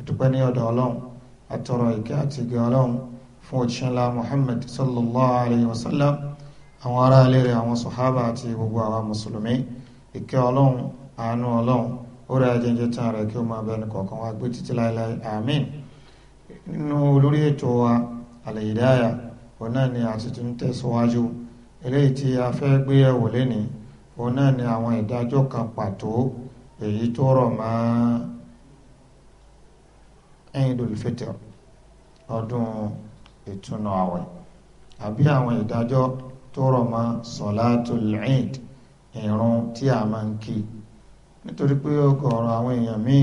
àdúpẹ́ ní ọ̀dọ̀ ọlọ́run àtọrọ ìkẹ́ àti ìgẹ̀ ọlọ́run fún òṣìṣẹ́lá muhammad sallallahu alayhi wa sallam àwọn ará ilé rẹ̀ àwọn sọ̀hábà àti gbogbo àwa mùsùlùmí ìkẹ́ ọlọ́run àánú ọlọ́run ó rẹ̀ ajẹ́jẹ́ tán rẹ̀ kí ó máa bẹ́ẹ̀ ní kọ̀ọ̀kan wá gbé títí láéláé àmín nínú olórí ètò wa àlèyídáyà òun náà ni àti tún tẹ̀síwájú eléyìí tí a fẹ́ gbé yẹ̀wò lénìí òun náà ni àwọn ìdájọ́ kan pàtó èyí tó rọ̀ mọ́ Eidul Fitr ọdún ìtúnu àwẹ̀ àbí àwọn ìdájọ́ tó rọ̀ mọ́ Salatul Eid ìrun tí a máa ń kí nítorí pé ọ̀gọ̀ọ̀rọ̀ àwọn èèyàn míì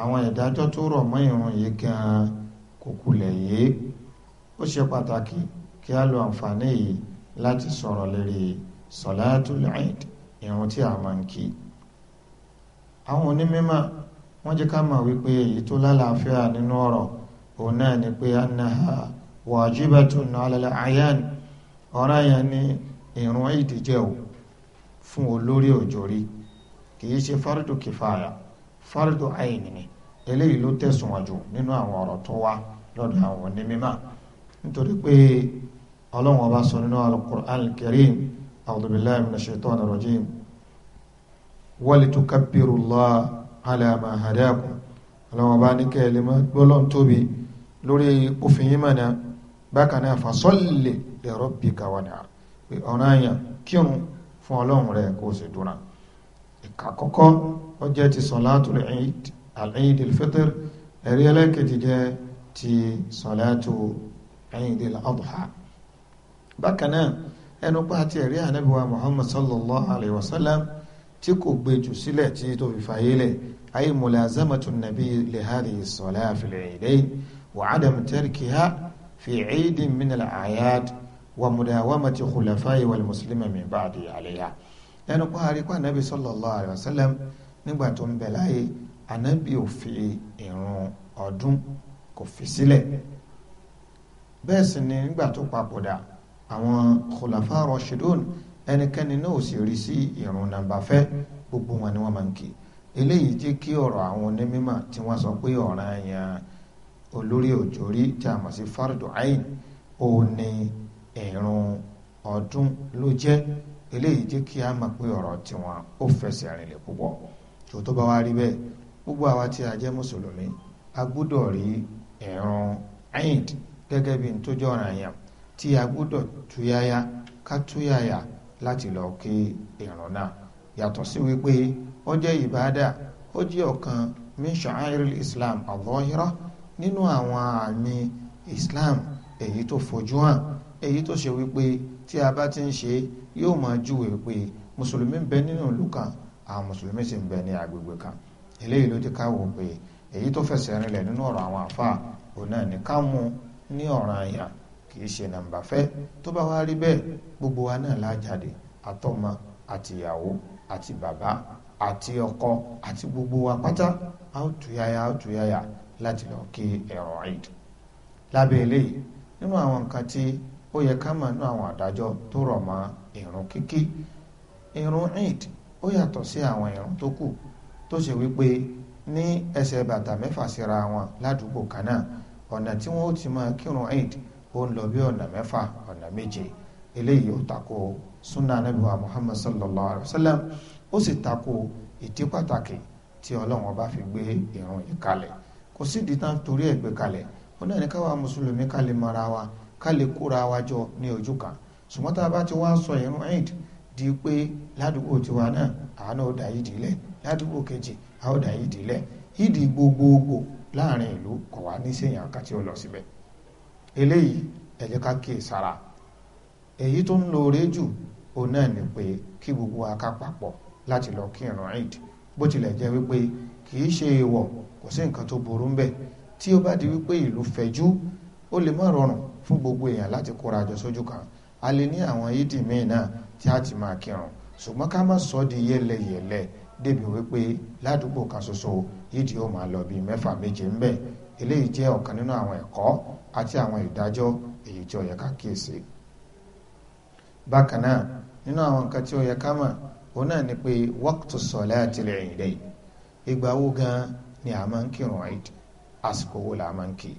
àwọn ìdájọ́ tó rọ̀ mọ́ ìrun yìí gan kò kulẹ̀ yìí ó ṣe pàtàkì kí a lo àǹfààní yìí láti sọ̀rọ̀ lérí Salatul Eid ìrun tí a máa ń kí àwọn onímọ̀ wọ́n jẹ́ ká mọ̀ wípé èyí tó lálàáfíà nínú ọ̀rọ̀ òun náà ni pé annaha wajibatun ala al-ayan ọ̀ràn yẹn ni ìrun ìdíjẹ́ o fún olórí òjòrí kìí ṣe fardu kìfàyà fardu àyìn ni eléyìí ló tẹ̀sùnwọ̀n jù nínú àwọn ọ̀rọ̀ tó wá lọ́dọ̀ àwọn onímọ̀ nítorí pé ọlọ́run ọba sọ nínú al-Qur'an al-Karim a'udhu rajim wa litukabbiru alama hadakum ọlọ́wọ́n bá ní kẹ́lẹ́ mọ́ gbọ́lọ́n tóbi lórí òfin yìí mọ̀nà bákan náà fasalli li rabbika wanhar ọ̀nà àyàn kírun fún ọlọ́run rẹ̀ kó o sì dúnra ìka kọ́kọ́ ó jẹ́ ti salatul eid al-eid al-fitr ẹ̀rí ẹlẹ́kẹ̀jì jẹ́ ti salatu eid al-adha bákan ẹnu pa àti ẹ̀rí ànábì muhammad sallallahu alayhi wa sallam tí kò gbé jù sílẹ̀ tí tó fi fàyè lẹ̀ ayé mulazamatu nàbí li hadhihi as-salah fil iidayn wa adam tarkiha fi iidin min al-a'yad wa mudawamati khulafai wal muslimin min ba'di alayha ẹnu kó àríkó ànábì sallallahu alayhi wa sallam nígbà tó ń bẹ láyé ànábì ò fi ìrun ọdún kò fi sílẹ̀ bẹ́ẹ̀ sì ni nígbà tó papòdà àwọn khulafa rashidun ẹnikẹ́ni náà ò sì rí sí ìrun nàmbà fẹ́ gbogbo wọn ni wọ́n máa ń kí eléyìí jẹ́ kí ọ̀rọ̀ àwọn onímọ̀ tí wọ́n sọ pé ọ̀ranyàn olórí òjòrí tí a mọ̀ sí fardu ain ò ní ìrun ọdún ló jẹ́ eléyìí jẹ́ kí a mọ̀ pé ọ̀rọ̀ tiwọn ó fẹsẹ̀ rinlẹ̀ púpọ̀ tó tó bá wá rí bẹ́ẹ̀ gbogbo àwa tí a jẹ́ mùsùlùmí a gbọ́dọ̀ rí ìrun ain gẹ́gẹ́ bí n tó jẹ́ ọ̀ranyàn tí a gbọ́dọ̀ túyáyá ká túyáyá láti lọ kí ìrun náà yàtọ̀ sí wípé ó jẹ́ ìbáadà ó jẹ́ ọ̀kan min sha'airil islam al-zahira nínú àwọn àmì islam èyí tó fojú hàn èyí tó ṣe wípé tí a bá ti ń ṣe yóò máa júwe pé mùsùlùmí ń bẹ nínú ìlú kan àwọn mùsùlùmí sì ń bẹ ní agbègbè kan eléyìí ló jẹ́ ká pé èyí tó fẹsẹ̀ rinlẹ̀ nínú ọ̀rọ̀ àwọn àfáà òun náà ní ká mú ní ọ̀ràn àyà kì í ṣe nàmbà fẹ́ tó bá wá rí bẹ́ẹ̀ gbogbo wa náà lájáde àtọmọ àtìyàwó àti bàbá àti ọkọ àti gbogbo wa pátá a ó tuyaya a ó tuyaya láti lọ kí ẹ̀rọ Eid lábẹ́ eléyìí nínú àwọn nǹkan tí ó yẹ ká mọ̀ nínú àwọn àdájọ́ tó rọ̀ mọ́ ìrun kíkí ìrun Eid ó yàtọ̀ sí àwọn ìrun tó kù tó ṣe wípé ní ẹsẹ̀ bàtà mẹ́fà síra wọn ládùúgbò kan náà ọ̀nà tí wọ́n ó ti máa kírun Eid ó ń lọ bí ọ̀nà mẹ́fà ọ̀nà méje eléyìí ó tako sunna anabi wa muhammad sallallahu alayhi wa sallam ó sì tako ìdí pàtàkì tí ọlọ́run ọba fi gbé ìrun yìí kalẹ̀ kò sídìí tán torí ẹ̀ gbé kalẹ̀ ó náà ní káwa mùsùlùmí ká lè mara wa ká lè kóra wa jọ ní ojú kan ṣùgbọ́n tá a bá ti wá sọ ìrun eid di pé ládùúgbò tiwa náà àánú ó dà yìí dìílẹ̀ ládùúgbò kejì àá ó yìí dìílẹ̀ ìdí gbogbogbò láàrin ìlú kò wá ní sèyàn kan lọ síbẹ̀ eléyìí ẹ̀jẹ̀ ká kíyè sára èyí tó ń lóore jù òun náà ni pé kí gbogbo wa ká papọ̀ láti lọ kí ìrun Eid bó tilẹ̀ jẹ́ wípé kì í ṣe èèwọ̀ kò sí nǹkan tó burú ń bẹ̀ tí ó bá di wípé ìlú fẹ̀jú ó lè má rọrùn fún gbogbo èèyàn láti kóra àjọ sójú kan a lè ní àwọn yídì míì náà tí a ti máa kírun ṣùgbọ́n ká má sọ di yẹlẹyẹlẹ débi wípé ládùúgbò kan ṣoṣo yídì ó máa lọ bíi mẹ́fà méje ń bẹ̀ eléyìí jẹ́ ọ̀kan nínú àwọn ẹ̀kọ́ àti àwọn ìdájọ́ èyí tí ó yẹ ká kíyèsí bákan náà nínú àwọn nǹkan tí ó yẹ ká mọ̀ òun náà ni pé waqtu salatil iidayn ìgbà wo gan ni a máa ń kírun Eid àsìkò wo la máa ń kí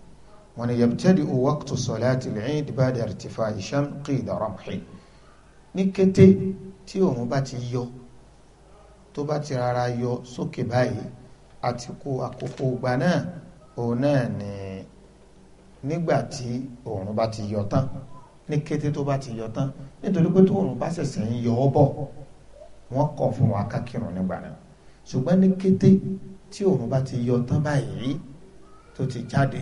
wọn ni yabtadi'u waqtu salatil Eid ba'da irtifa'i shams qida ramhi ní kété tí òun bá ti yọ tó bá ti rárá yọ sókè báyìí àti àkókò gbà náà òun náà ni nígbà tí òòrùn bá ti yọ tán ní kété tó bá ti yọ tán nítorí pé tó òòrùn bá ṣẹ̀ṣẹ̀ ń yọ ọ́ bọ̀ wọ́n kọ̀ fún wa ká kírun nígbà náà ṣùgbọ́n ní kété tí òòrùn bá ti yọ tán báyìí tó ti jáde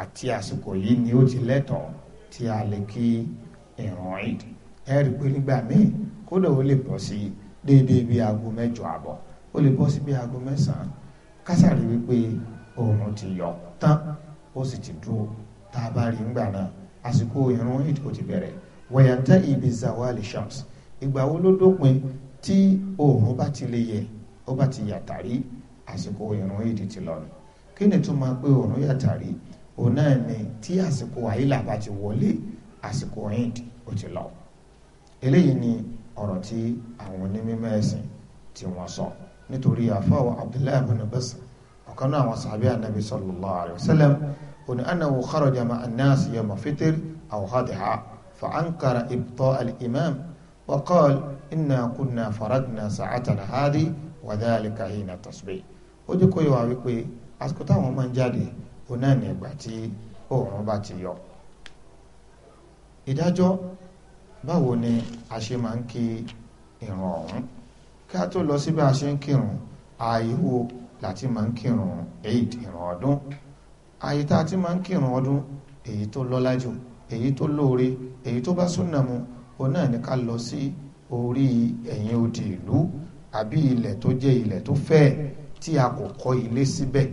àti àsìkò yìí ni ó ti lẹ́tọ̀ọ́ tí a lè kí ìrun Eid ẹ rí i pé nígbà míì kódà ó lè bọ́ sí déédéé bíi aago mẹ́jọ àbọ̀ ó lè bọ́ sí bíi aago mẹ́sàn-án kásàrí wípé òòrùn ti yọ tán ó sì ti dúró tá a bá rí ńgbà náà àsìkò ìrun eid kò ti bẹ̀rẹ̀ wọ̀yàntẹ́ ibi zawali shams ìgbà wo ló dópin tí oòrùn bá ti lè yẹ ó bá ti yàtàrí àsìkò ìrun eid ti lọ nù kí ni tó máa pé oòrùn yàtàrí òun náà ni tí àsìkò àyílà bá ti wọlé àsìkò eid ó ti lọ eléyìí ni ọ̀rọ̀ tí àwọn onímọ̀ ẹ̀sìn tí wọ́n sọ nítorí àfọwọ́ abdullahi ibn Basr ọ̀kan náà àwọn sàbí ànábi sallallahu alayhi wa sallam أنه خرج مع الناس يوم فطر أو fitr فأنكر إبطاء الإمام، وقال ibta' al-imam wa هذه inna kunna faradna sa'atana hadi wa dhalika hina tasbih ó jẹ́ kó yẹ wá wípé àsìkò táwọn máa ń jáde òun náà ní ìgbà tí oòrùn bá ti yọ ìdájọ́ báwo ni a ṣe máa ń kí ìrun ọ̀hún kí a tó lọ sí a ṣe ń kírun ààyè wo láti máa ń kírun eid ìrun ọdún àyè tá a ti máa ń kírun ọdún èyí tó lọ́lá jù èyí tó lóore èyí tó bá súnà mu òun náà ní ká lọ sí orí ẹ̀yìn odi ìlú àbí ilẹ̀ tó jẹ́ ilẹ̀ tó fẹ̀ tí a kò kọ́ ilé síbẹ̀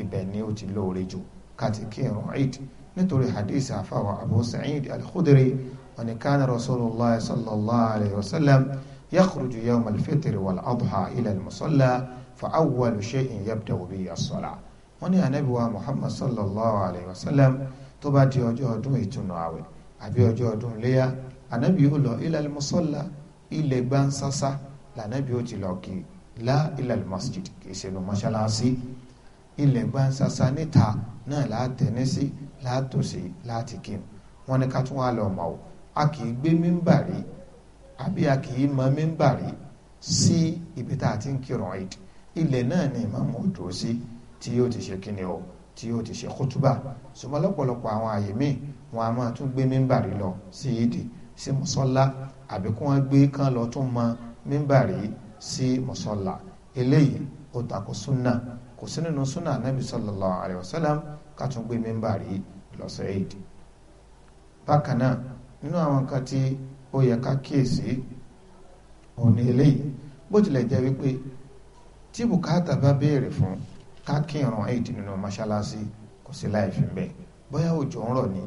ibẹ̀ ni ó ti lóore jù káti kírun eid nítorí hadith àfàwà abu sa'id al-khudri wani kana rasulullah sallallahu alayhi wa sallam yakhruju yawm al-fitr wal adha ila musalla fa awwalu shay'in yabda'u bihi as-salah wọ́n ní anabi wa muhammad sallallahu alayhi wa sallam tó bá di ọjọ́ ọdún ìtúnu àwẹ̀ àbí ọjọ́ ọdún léyà anabi yóò lọ ilal musalla ilẹ̀ gbansasa lànàbí ó ti lọ kì í la ilal masjid kì í ṣe nu mọ́ṣáláṣí ilẹ̀ gbansasa níta náà látẹ̀nísí látòsí láti kí wọ́n ní ká tún wá lọ mọ̀ ọ́ a kì í gbé mímbàrí àbí a kì í mọ mímbàrí sí ibi tá a ti ń kírun ẹ̀ ilẹ̀ náà ni ìmáàmù ó dùn sí. Si tí yóò ti ṣe kíni o tí yóò ti ṣe kútúbà ṣùgbọ́n lọ́pọ̀lọpọ̀ àwọn àyè míì wọn a máa tún gbé mímbàrí lọ sí ìdí sí mọ́sọ́lá àbí kí wọ́n gbé kán lọ tún mọ mímbàrí sí mọ́sọ́lá eléyìí ó takò súnà kò sí nínú súnà anábì sallallahu alayhi wa sallam ká tún gbé mímbàrí lọ sí ìdí. bákan náà nínú àwọn kan tí ó yẹ ká kíyèsí òun ni eléyìí bó tilẹ̀ jẹ́ wípé tí bùkátà bá béèrè fún un kákìrún eid nínú mọ́ṣáláṣí kò sí láì fi bẹ́ẹ̀ bóyá òjò ń rọ̀ ni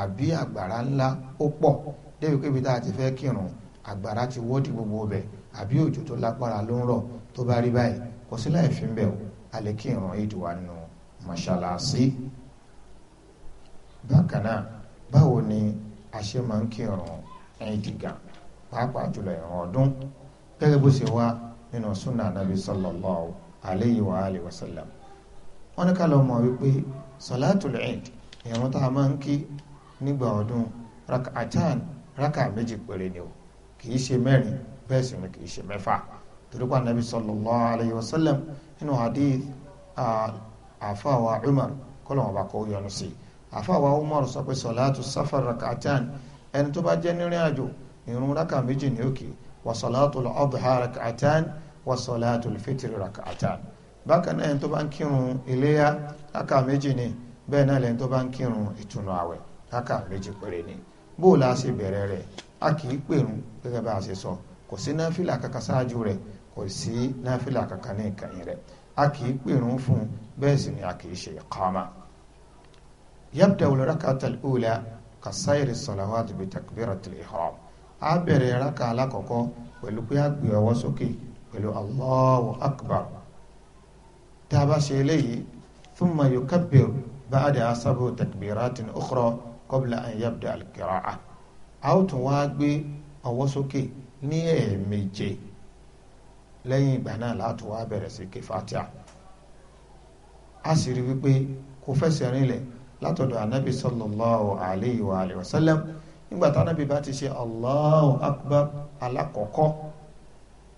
àbí àgbàrá ńlá ó pọ̀ débi pé ibi tá a ti fẹ́ kírun àgbàrá ti wọ́ọ̀dì gbogbo bẹ̀ àbí òjò tó lágbára ló ń rọ̀ tó bá rí báyìí kò sí láì fi o a kírun eid wa nínú mọ́ṣáláṣí. bákan náà báwo ni a ṣe máa ń kírun eid gan pàápàá jùlọ ìrun ọdún gẹ́gẹ́ bó ṣe wá nínú súnà nàbí sallallahu alayhi wa alihi wa sallam wọ́n ní ká lọ mọ̀ wípé salatul eid ìrun tá a máa ń kí nígbà ọdún rakatan raka méjì péré ni o kì í ṣe mẹ́rin bẹ́ẹ̀ sì ni kì í ṣe mẹ́fà torí pa nabi sallallahu alayhi wa sallam nínú hadith àfàwà umar kọ́lọ̀wọ̀n bá kọ́ yọnu sí àfàwà umar sọ pé salatu safar rakatan ẹni tó bá jẹ́ nírìn àjò ìrun raka méjì ni ó kì í wa salatul adha rakatan wa salatul bákan náà ẹni tó bá ń kírun iléyá rákà méjì ni bẹ́ẹ̀ náà lẹ́ni tó bá ń kírun ìtùnú àwẹ̀ rákà méjì péré ni bó la ṣe bẹ̀rẹ̀ rẹ̀ a kì í pèrún gẹ́gẹ́ bá a ṣe sọ kò sí náfìlà kankan ṣáájú rẹ̀ kò sí náfìlà kankan ní ìkànnì rẹ̀ a kì í pèrún fún bẹ́ẹ̀ sì ni a kì í ṣe ìkámà. yabda olùrakata ula kasayiri salawatu bi takbiratul ihram a bẹ̀rẹ̀ raka alakọ̀kọ́ pẹ̀lú pé a sókè pẹ̀lú allahu akbar tá a bá ṣe eléyìí thumma yukabbir ba'da asábò takbiratin ukhra qabla an yabda al-qira'ah a ó tún wá gbé ọwọ́ sókè ní ẹ̀ẹ̀méje lẹ́yìn ìgbà náà láti wá bẹ̀rẹ̀ sí ké Fatiha a sì rí wípé kò fẹsẹ̀ rinlẹ̀ látọ̀dọ̀ anabi sallallahu alayhi wa alayhi wa sallam nígbà tí anabi bá ti ṣe allahu akbar alakọ̀kọ́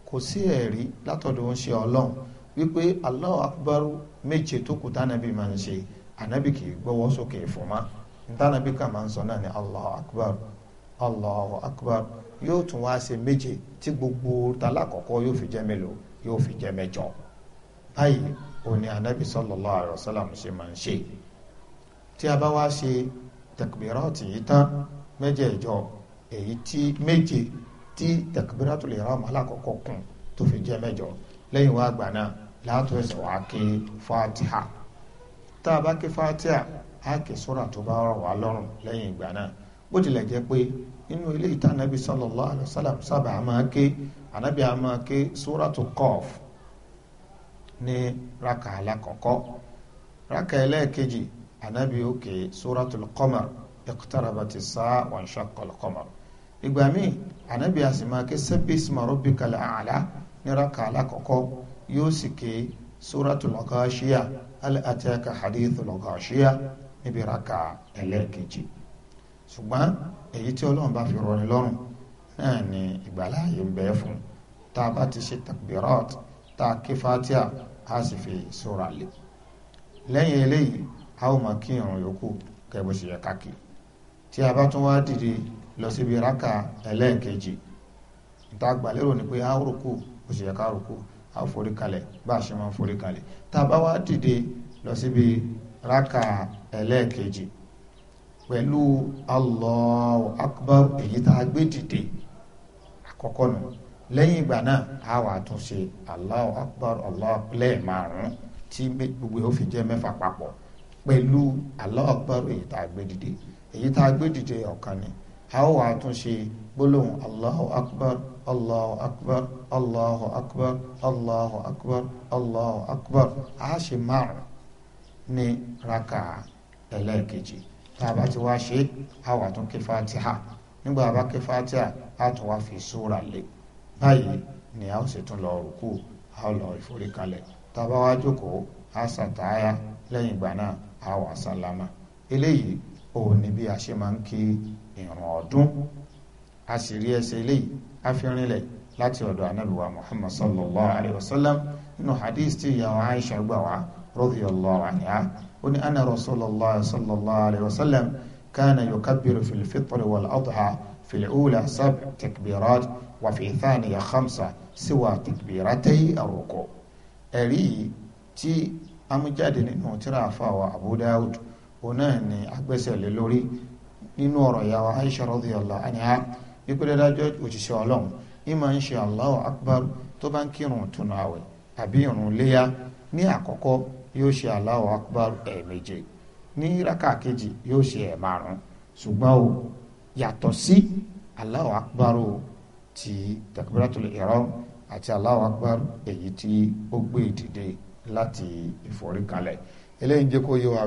kò sí ẹ̀rí látọ̀dọ̀ ń ṣe ọlọ́run wípé Allahu akbar méje tó kù tánàbí máa ń ṣe ànábì kì í gbọ́wọ́ sókè ìfọ̀má tánàbí kà máa ń sọ náà ní Allahu akbar Allahu akbar yóò tún wá ṣe méje tí gbogbo talákọ̀ọ́kọ́ yóò fi jẹ́ mélòó yóò fi jẹ́ mẹ́jọ báyìí òní ànábì sallallahu alaihi wasallam ṣe máa ń ṣe tí a bá wá ṣe takbirati yìí tán mẹ́jẹ̀ẹ̀jọ èyí tí méje tí takbiratul ihram alákọ̀ọ́kọ́ kún tó fi jẹ́ mẹ́jọ lẹ́yìn wá àgbà náà láàtọ̀ ẹ̀sẹ̀ wá ké fatiha tá a bá ké fatiha á ké sura tó bá rọ̀ wá lọ́rùn lẹ́yìn ìgbà náà bó tilẹ̀ jẹ́ pé inú ilé ìta anabi sallallahu alayhi wa sallam sábà á máa ké anabi á máa ké suratu Qaf ní raka alákọ̀ọ́kọ́ raka ẹlẹ́ẹ̀kejì anabi ó ké suratul Qamar iqtarabati saa wa nshaqqal qamar ìgbà míì anabi á sì máa ké sabbi isma rabbikal a'la níraka alákọ̀ọ́kọ́ yóò sì ké suratul Ghashiyah hal ataka hadithul Ghashiyah níbi raka ẹlẹ́ẹ̀kejì ṣùgbọ́n èyí tí ọlọ́run bá fi rọrin lọ́rùn náà ni ìgbàláàyè ń bẹ fún tá a bá ti ṣe takbirat tá a ké fatia a sì fi sura lé lẹ́yìn eléyìí a ó máa kí ìrun yòókù kẹ́bùsì yẹ káàkiri tí a bá tún wá dìde lọ síbi raka ẹlẹ́ẹ̀kejì níta gbàlérò ni pé a ó rúkú ó sì yẹ ká rúkú a ó forí kalẹ̀ bá a ṣe máa forí kalẹ̀ tá bá wá dìde lọ síbi rákà ẹlẹ́ẹ̀kejì pẹ̀lú Allahu akbar èyí tá a gbé dìde àkọ́kọ́ nù lẹ́yìn ìgbà náà a wà tún ṣe Allahu akbar Allahu lẹ́ẹ̀márùn-ún tí gbogbo yóò fi jẹ́ mẹ́fà papọ̀ pẹ̀lú Allahu akbar èyí tá a gbé dìde èyí tá a gbé dìde ọ̀kan ni a wà tún ṣe gbólóhùn Allahu akbar Allahu akbar Allahu akbar Allahu akbar Allahu akbar a ṣe márùn ní raka ẹlẹ́ẹ̀kejì tá a bá ti wá ṣe a wà tún ké fatiha nígbà bá ké fatiha a tún wá fi súra lé báyìí ni a ó sì tún lọ rúkú a ó lọ ìforíkalẹ̀ tá wá jókòó a ṣàtàyà lẹ́yìn ìgbà náà a wà sálámà eléyìí òun ni bí a ṣe máa ń kí ìrun ọdún a sì rí ẹsẹ̀ eléyìí a fi rinlẹ̀ láti ọ̀dọ̀ anábìwá muhammad sallallahu alayhi wa sallam nínú hadith tí ìyá wa aisha gbà wá radiyallahu anha ó ní anna rasulallah sallallahu alayhi wa sallam kana yukabbiru fil fitr wal adha fil ula sab takbirat wa fi thaniya khamsa siwa takbiratayi aruko ẹ̀rí tí a mú jáde nínú tíra àfàwà abu dawud ni agbẹ́sẹ̀ lé lórí nínú ọ̀rọ̀ ìyá aisha radiyallahu anha ikú dájọ́ òṣìṣẹ́ ọlọ́run ìmọ̀ ń ṣe Allahu akbar tó bá ń kírun túnú àwẹ̀ àbí irun léyà ní àkọ́kọ́ yóò ṣe Allahu akbar ẹ̀ẹ̀méje ní kejì yóò ṣe ẹ̀ẹ̀márùn ṣùgbọ́n o yàtọ̀ sí Allahu akbar ti takbiratul ihram àti Allahu akbar èyí tí ó gbé ìdìde láti ìforíkalẹ̀ eléyìí yóò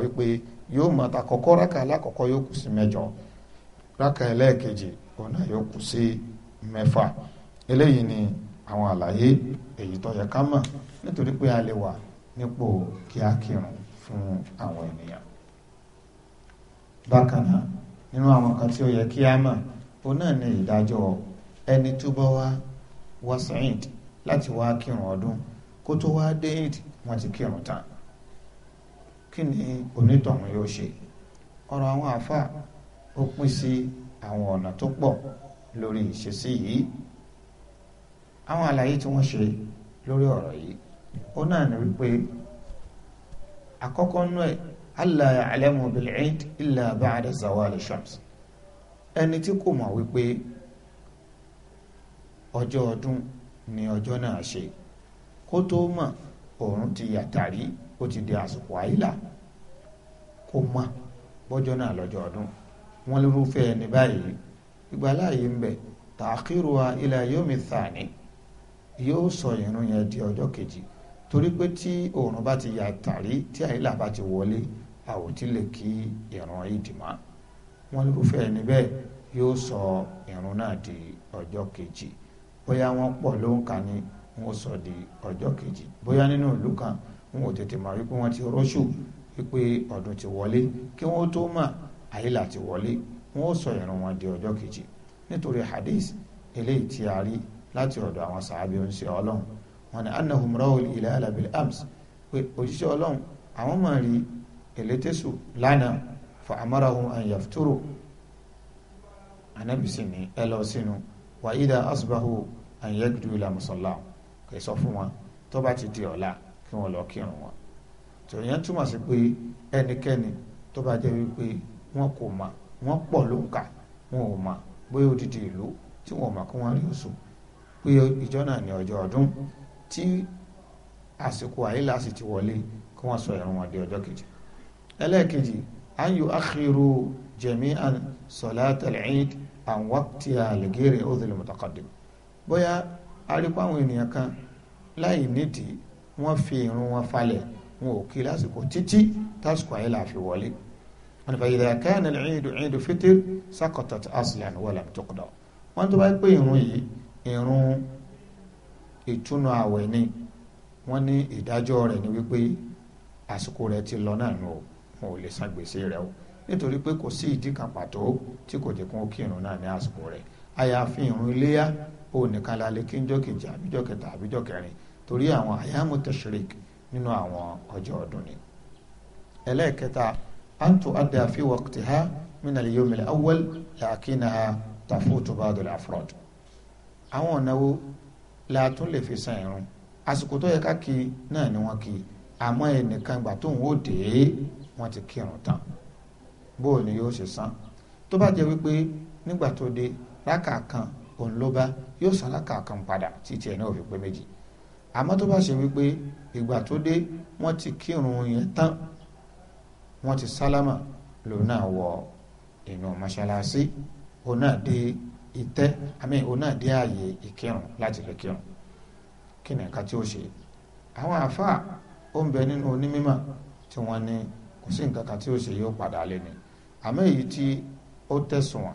ọ̀nà yóò sí mẹ́fà eléyìí ni àwọn àlàyé èyí tó yẹ ká mọ̀ nítorí pé a lè wà nípò kíákìrùn fún àwọn ènìyàn bákan náà nínú àwọn kan tí ó yẹ kí a mọ̀ náà ni ìdájọ́ ẹni tó bá wá wá sẹ́yìnd láti wá kírun ọdún kó tó wá dé ti kírun tán kí ni àwọn ọ̀nà tó pọ̀ lórí ìṣesí yìí àwọn àlàyé tí wọ́n ṣe lórí ọ̀rọ̀ yìí ó náà ní wípé àkọ́kọ́ nú ẹ̀ alla ya'lamu bil-'id illa ba'da zawali shams ẹni tí kò mọ̀ wípé ọjọ́ ọdún ni ọjọ́ náà ṣe kó tó mọ̀ òun ti yàtàrí ó ti di àsìkò àyílà kó mọ̀ bọ́jọ́ náà lọ́jọ́ ọdún wọn lórúfẹ́ ẹni báyìí ìgbàláàyè ń bẹ tààkìrù wa ila yomi thani yóò sọ ìrun yẹn di ọjọ́ kejì torí pé tí òòrùn bá ti yà tàrí tí àyílà bá ti wọlé àwòtí lè kí ìrun ìdìmọ́ wọn lórúfẹ́ ẹni bẹ́ẹ̀ yóò sọ ìrun náà di ọjọ́ kejì bóyá wọ́n pọ̀ ló ń kà ní wọ́n sọ di ọjọ́ kejì bóyá nínú ìlú kan wọn ò tètè mọ̀ wípé wọ́n ti rọ́ṣù wípé ọdún ti wọlé kí wọ́n tó mọ̀ àyílà ti wọlé wọn ó sọ ìrun wọn di ọjọ́ kejì nítorí hadith eléyìí tí a rí láti ọ̀dọ̀ àwọn sàábí oníṣẹ́ ọlọ́run wọn ni annahum rawul ilala bil ams pé òjíṣẹ́ ọlọ́run àwọn máa rí elétésù lánàá fa amarahum an yafturu anabi sì ní ẹ lọ sínú wa ida asbahu an yagdu ila musalla kò sọ fún wọn tó bá ti di ọ̀la kí wọ́n lọ kírun wọn tòun yẹn túmọ̀ sí pé ẹnikẹ́ni tó bá jẹ́ wípé wọn kò mọ̀ wọ́n pọ̀ lóǹkà wọn ò mọ̀ bóyá odidi ìlú tí wọn ò mọ̀ kí wọ́n rí oṣù pé ìjọ náà ní ọjọ́ ọdún tí àsìkò àyílá sì ti wọlé kí wọ́n sọ ìrun wọn di ọjọ́ kejì ẹlẹ́ẹ̀kejì an yuakhiru jami'an salat al-eid an waqtiha li ghayri udhri mutaqaddim bóyá arípa ènìyàn kan láì nídìí wọ́n fi ìrun wọn falẹ̀ wọn ò kí lásìkò títí tásìkò àyílá fi wọlé فإذا كان العيد عيد فطر سقطت أصلا ولم saqatat aslan wa lam tuqda wọn tó bá pé irun yìí irun ìtúnu àwẹ̀ ni wọ́n ní ìdájọ́ rẹ̀ ni wípé àsìkò rẹ̀ ti lọ náà nù wọn ò lè san gbèsè rẹ̀ o nítorí pé kò sí ìdí kan pàtó tí kò jẹ́ kó kí irun náà ní àsìkò rẹ̀ àyàfi irun iléyà ó nìkan lálẹ́ kí njọ́ kejì àbíjọ́ kẹta àbíjọ́ kẹrin torí àwọn àyàmú tashrik nínú àwọn ọjọ́ ọdún ni ẹlẹ́ẹ̀kẹta أن تؤدى في وقتها من اليوم الأول لكنها تفوت بعض الأفراد àwọn ọ̀nà wo la tún lè fi san ìrun àsìkò tó yẹ ká kí náà ni wọ́n kí àmọ́ ẹnìkan ìgbà tóun ó dé wọ́n ti kírun tán bóò ni yóò ṣe san tó bá jẹ́ wípé nígbà tó dé rákà kan òun ló bá yóò san rákà padà títí ẹ̀ náà ò pé méjì àmọ́ tó bá ṣe wípé ìgbà tó dé wọ́n ti kírun yẹn tán wọ́n ti sálámà lòun náà wọ inú mọ́ṣáláṣí òun náà dé ìtẹ́ àmì òun náà dé ààyè ìkírun láti lè kírun kí ni ẹ̀ka tí ó ṣe àwọn àáfàá ó ń bẹ nínú onímímọ̀ tí wọ́n ní kò sí nǹkan kan tí ó ṣe yóò padà lé ni àmọ́ èyí tí ó tẹ̀sùn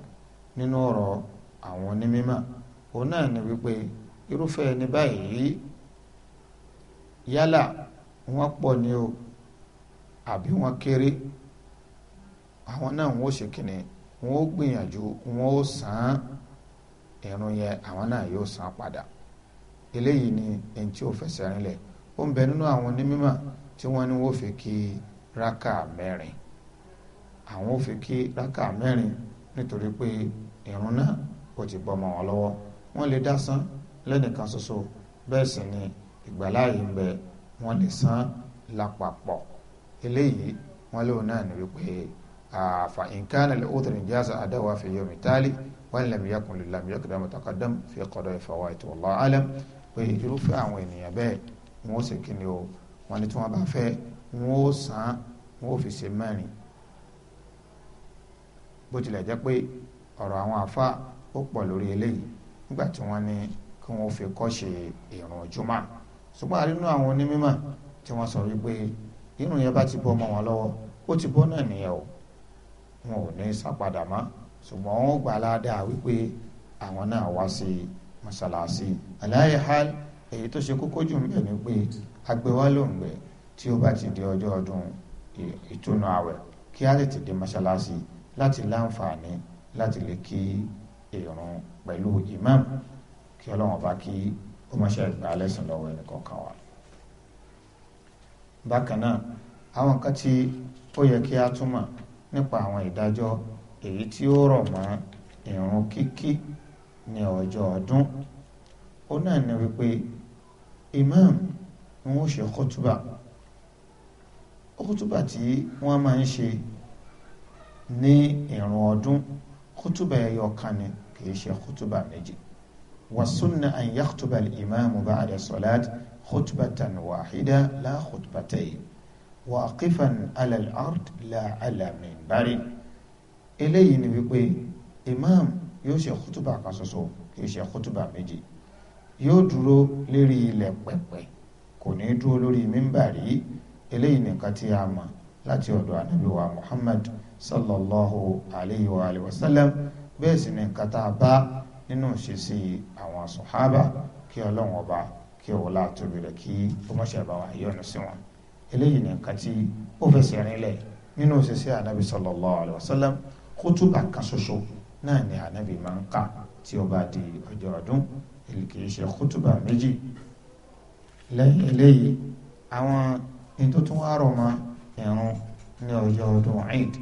nínú ọ̀rọ̀ àwọn onímímọ̀ òun náà ni wípé irúfẹ́ ẹni báyìí yálà wọ́n pọ̀ ní o àbí wọ́n kéré àwọn náà wọ́n ó ṣe kíni wọ́n ó gbìyànjú wọ́n ó san án ìrun yẹn àwọn náà yóò san án padà eléyìí ni ẹni tí ò fẹsẹ̀ rinlẹ̀ ó ń bẹ nínú àwọn onímọ̀ tí wọ́n ní wọ́n fi kí rákà mẹ́rin àwọn ò fi kí rákà mẹ́rin nítorí pé ìrun náà ó ti bọ́ mọ́ wọn lọ́wọ́ wọ́n lè dá san lẹ́nìkan ṣoṣo bẹ́ẹ̀ sì ni ìgbàláyé ń bẹ wọ́n lè san lápapọ̀ eléyìí wọn lóun náà ní wípé àfà nǹkan lè ó tẹ̀lé jáza àdáwà fi yọmi tálí wọn lè mi yàkùn lílà mi yàkùn dàmọ́ta kàdám fi kọ́dọ̀ ìfọwọ́ ètò ọ̀la alẹ́m pé irúfẹ́ àwọn ènìyàn bẹ́ẹ̀ wọn ó sì kíni o wọn ni tí wọn bá fẹ́ wọn ó san wọn ó fi ṣe mẹ́rin bó tilẹ̀ jẹ́ pé ọ̀rọ̀ àwọn àfa ó pọ̀ lórí eléyìí nígbà tí wọ́n ní kí wọ́n fi kọ́ ṣe ìrun jùmọ̀ ṣùgbọ́n àrínú àwọn onímọ̀ tí wọ́n sọ wípé irun yẹn bá ti bọ́ ọmọ wọn lọ́wọ́ ó ti bọ́ náà nìyẹn o wọn ò ní sàpadà mọ́ ṣùgbọ́n wọn gbà ládàá wípé àwọn náà wá sí mọ́ṣáláṣí aláì hal èyí tó ṣe kókó jù ń bẹ̀ ni pé agbẹ́wá ló ń gbẹ tí ó bá ti di ọjọ́ ọdún ìtúnu àwẹ̀ kí á lè ti di mọ́ṣáláṣí láti láǹfààní láti lè kí ìrun pẹ̀lú imam kí ọlọ́run bá kí ó máa ṣe ìgbà lẹ́sìn lọ́wọ́ ẹnì kọ̀ọ̀kan wa bákan náà àwọn kan tí ó yẹ kí a túmọ̀ nípa àwọn ìdájọ́ èyí tí ó rọ̀ mọ́ ìrun kíkí ní ọjọ́ ọdún ó náà ní wípé imam ni wọ́n ṣe kótúbà kótúbà tí wọ́n máa ń ṣe ní ìrun ọdún kótúbà ẹyọ kan ni kì í ṣe kótúbà méjì wàsúnà an yaktuba imam ba'da salat خطبة واحدة لا خطبتين واقفا على الأرض لا على منبر eléyìí ni wípé imam yóò ṣe kútùbà kan ṣoṣo kì í ṣe kútùbà méjì yóò dúró lérí ilẹ̀ pẹ̀pẹ̀ kò ní dúró lórí mímbàrí eléyìí nìkan tí a mọ̀ láti ọ̀dọ̀ ànábì wa muhammad sallallahu alayhi wa alayhi wa sallam bẹ́ẹ̀ sì ni nǹkan tá a bá nínú ìṣesí àwọn sàhábà kí ọlọ́run ọba kí ọ̀la tóbi rẹ̀ kí ó má ṣe bá wa yọ́nú sí wọn eléyìí ni nǹkan tí ó fẹsẹ̀ rinlẹ̀ nínú òṣìṣẹ́ anabi sallallahu alayhi wa sallam kútùbà kan ṣoṣo náà ni anabi máa ń kà tí ó bá di ọjọ́ ọdún èyí kì í ṣe kútùbà méjì lẹ́yìn eléyìí àwọn nítòtún wá rọ̀ mọ́ ìrun ní ọjọ́ ọdún eid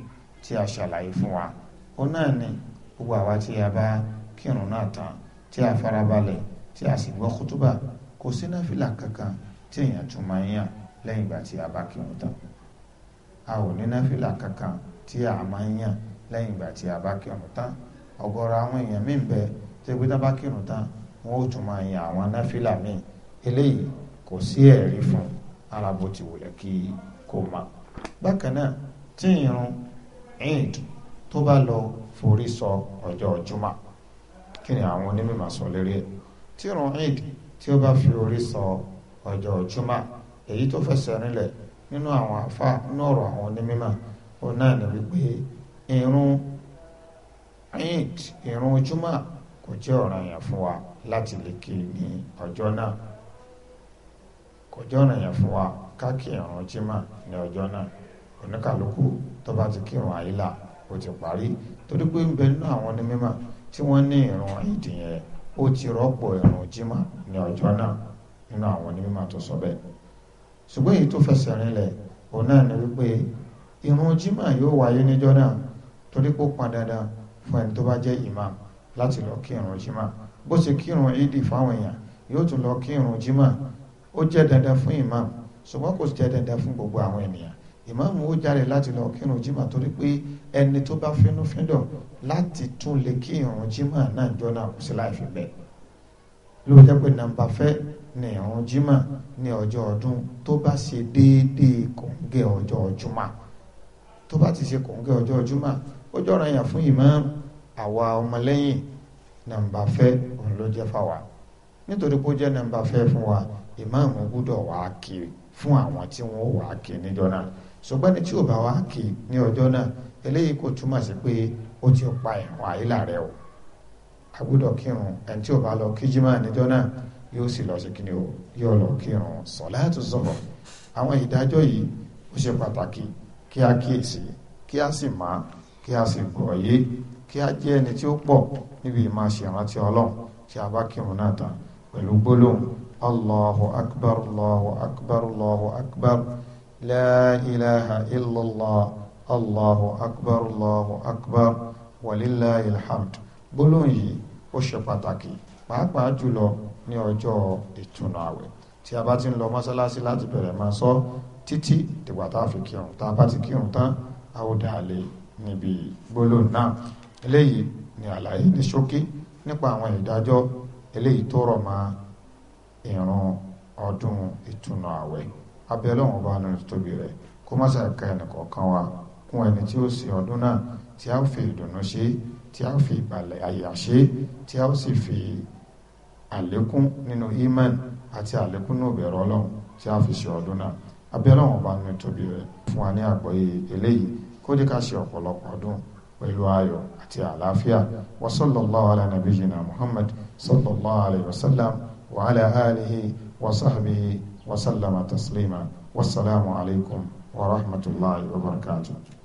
tí a ṣàlàyé fún wa ó náà ni gbogbo àwa tí a bá kírun náà tán tí a farabalẹ̀ tí a sì gbọ́ kútùbà kò sí náfìlà kankan tí èèyàn tún máa ń yàn lẹ́yìn ìgbà tí a bá kírun tán a ò ní náfìlà kankan tí a máa ń yàn lẹ́yìn ìgbà tí a bá kírun tán ọ̀gọ̀rọ̀ àwọn èèyàn míì bẹ tí pé tá bá kírun tán wọn ó tún máa yan àwọn náfìlà míì eléyìí kò sí ẹ̀rí fún ara bó ti kí kò má. bákan náà tí irun eid tó bá lọ forí sọ ọjọ́ juma kí ni àwọn onímọ̀ sọ lérí ẹ̀ tí irun eid tí ó bá fi orí sọ ọjọ́ juma èyí tó fẹsẹ̀ rinlẹ̀ nínú àwọn àfa nínú ọ̀rọ̀ àwọn onímọ̀ òun náà ní wípé irun eid irun juma kò jẹ́ ọ̀ranyàn fún wa láti lè kí ní ọjọ́ náà kò jẹ́ ọ̀ranyàn fún wa ká kí irun juma ní ọjọ́ náà oníkàlùkù tó bá ti kírun àyílà ó ti parí torí pé ń bẹ nínú àwọn onímọ̀ tí wọ́n ní irun eid yẹn ó ti rọ́pò ẹ̀rùn jímọ̀ ní ọjọ́ náà nínú àwọn onímọ̀ tó sọ bẹ́ẹ̀ ṣùgbọ́n èyí tó fẹsẹ̀ rinlẹ̀ òun náà ni wípé ìrun jímọ̀ yóò wáyé níjọ́ náà torí pé ó pọn dandan fún ẹni tó bá jẹ́ imam láti lọ kí ìrun jímọ̀ bó ṣe kí ìrun ìdì fáwọn èèyàn yóò tún lọ kí ìrun jímọ̀ ó jẹ́ dandan fún imam ṣùgbọ́n kò jẹ́ dandan fún gbogbo àwọn ènìyàn ìmáàmù ó jáde láti lọ kírun jímà torí pé ẹni tó bá fínú fíndọ̀ láti tún lè kí ìrun jimá náà jọ náà kò sí láìfi bẹ́ẹ̀ ló jẹ́ pé nàmbà fẹ́ ní ìrun jimá ní ọjọ́ ọdún tó bá ṣe déédéé kòǹgẹ́ ọjọ́ jumá tó bá ti ṣe kòǹgẹ́ ọjọ́ jumá ó jọ̀ràn yàn fún imam àwa ọmọlẹ́yìn nàmbà fẹ́ òun ló jẹ́ fáwa nítorí pé ó jẹ́ nàmbà fẹ́ fún wa ìmáàmù gbúdọ̀ wàá kiri fún àwọn tí wọ́n wàá kiri níjọ náà ṣùgbọ́n ní tí ò bá wá kì í ní ọjọ́ náà eléyìí kò túmọ̀ sí pé ó ti pa ìrun àyílà rẹ o a kírun ẹni tí ò bá lọ kí jimá níjọ́ náà yóò sì lọ sí kí ni o yóò lọ kírun sọ̀láàtù zuhur àwọn ìdájọ́ yìí ó ṣe pàtàkì kí a kíyèsí kí a sì máa kí a sì gbọ́ yé kí a jẹ́ ẹni tí ó pọ̀ níbi ìmáa ṣe ìrántí ọlọ́run tí a bá kírun náà tán pẹ̀lú gbólóhùn allahu akbar allahu akbar allahu akbar. لا إله إلا الله الله أكبر الله أكبر ولله الحمد gbólóhùn وشفتكي. ó ṣe pàtàkì pàápàá jùlọ ní ọjọ́ ìtúnu àwẹ̀ tí a bá ti ń lọ mọ́sálásí láti bẹ̀rẹ̀ máa sọ títí dìgbà tá a fi kírun tá a bá ti kírun tán a ó dá lé níbi gbólóhùn náà eléyìí ni àlàyé ní ṣókí nípa àwọn ìdájọ́ eléyìí tó rọ̀ mọ́ ìrun ọdún ìtúnu àwẹ̀ abẹ́lẹ́ wọn bá nù tóbi rẹ̀ kó má ṣàkà ẹnìkọ̀ọ̀kan wa kún ẹni tí ó sin ọdún náà tí a ó fi ìdùnnú ṣe tí a ó fi ìbàlẹ̀ àyà ṣe tí a ó sì fi àlékún nínú iman àti àlékún nínú ìbẹ̀rù ọlọ́run tí a fi ṣe ọdún náà abẹ́lẹ́ bá nù tóbi rẹ̀ fún wa ní àgbọ́yé eléyìí kó dé ká ṣe ọ̀pọ̀lọpọ̀ ọdún pẹ̀lú ayọ̀ àti àlàáfíà wa muhammad sallallahu alayhi wa sallam wa ala wa sahbihi وسلم تسليما والسلام عليكم ورحمة الله وبركاته